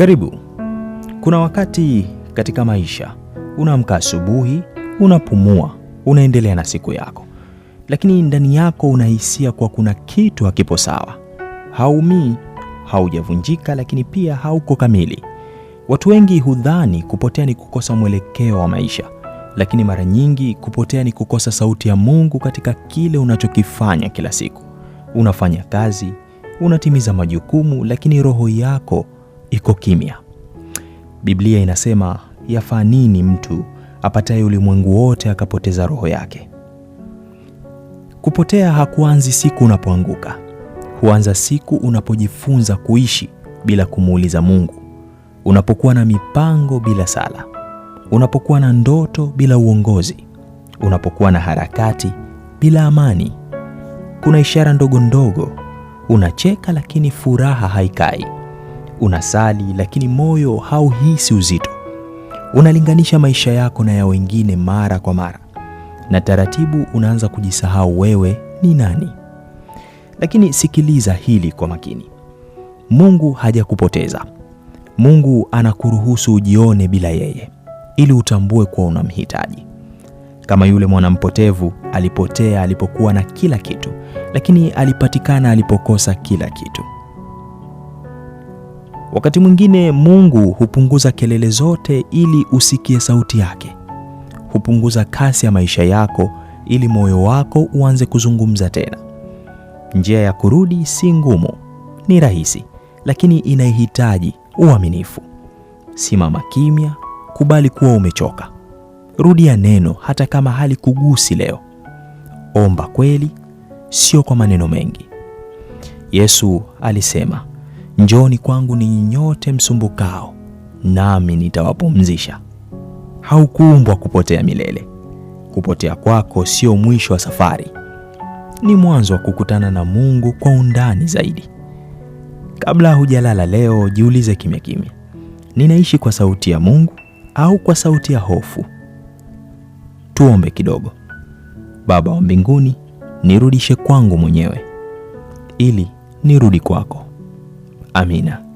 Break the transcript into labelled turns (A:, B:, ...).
A: Karibu. Kuna wakati katika maisha unaamka asubuhi, unapumua, unaendelea na siku yako, lakini ndani yako unahisia kuwa kuna kitu hakipo sawa. Haumii, haujavunjika, lakini pia hauko kamili. Watu wengi hudhani kupotea ni kukosa mwelekeo wa maisha, lakini mara nyingi kupotea ni kukosa sauti ya Mungu katika kile unachokifanya kila siku. Unafanya kazi, unatimiza majukumu, lakini roho yako iko kimya. Biblia inasema yafaa nini mtu apataye ulimwengu wote akapoteza roho yake? Kupotea hakuanzi siku unapoanguka, huanza siku unapojifunza kuishi bila kumuuliza Mungu, unapokuwa na mipango bila sala, unapokuwa na ndoto bila uongozi, unapokuwa na harakati bila amani. Kuna ishara ndogo ndogo, unacheka lakini furaha haikai. Unasali lakini moyo hauhisi uzito. Unalinganisha maisha yako na ya wengine mara kwa mara, na taratibu unaanza kujisahau wewe ni nani. Lakini sikiliza hili kwa makini, Mungu hajakupoteza. Mungu anakuruhusu ujione bila yeye, ili utambue kuwa unamhitaji. Kama yule mwanampotevu alipotea alipokuwa na kila kitu, lakini alipatikana alipokosa kila kitu. Wakati mwingine Mungu hupunguza kelele zote ili usikie sauti yake. Hupunguza kasi ya maisha yako ili moyo wako uanze kuzungumza tena. Njia ya kurudi si ngumu, ni rahisi, lakini inahitaji uaminifu. Simama kimya, kubali kuwa umechoka. Rudia neno hata kama hali kugusi leo. Omba kweli, sio kwa maneno mengi. Yesu alisema Njooni kwangu ni nyote msumbukao, nami nitawapumzisha. Haukuumbwa kupotea milele. Kupotea kwako sio mwisho wa safari, ni mwanzo wa kukutana na Mungu kwa undani zaidi. Kabla hujalala leo, jiulize kimya kimya, ninaishi kwa sauti ya Mungu au kwa sauti ya hofu? Tuombe kidogo. Baba wa mbinguni, nirudishe kwangu mwenyewe ili nirudi kwako. Amina.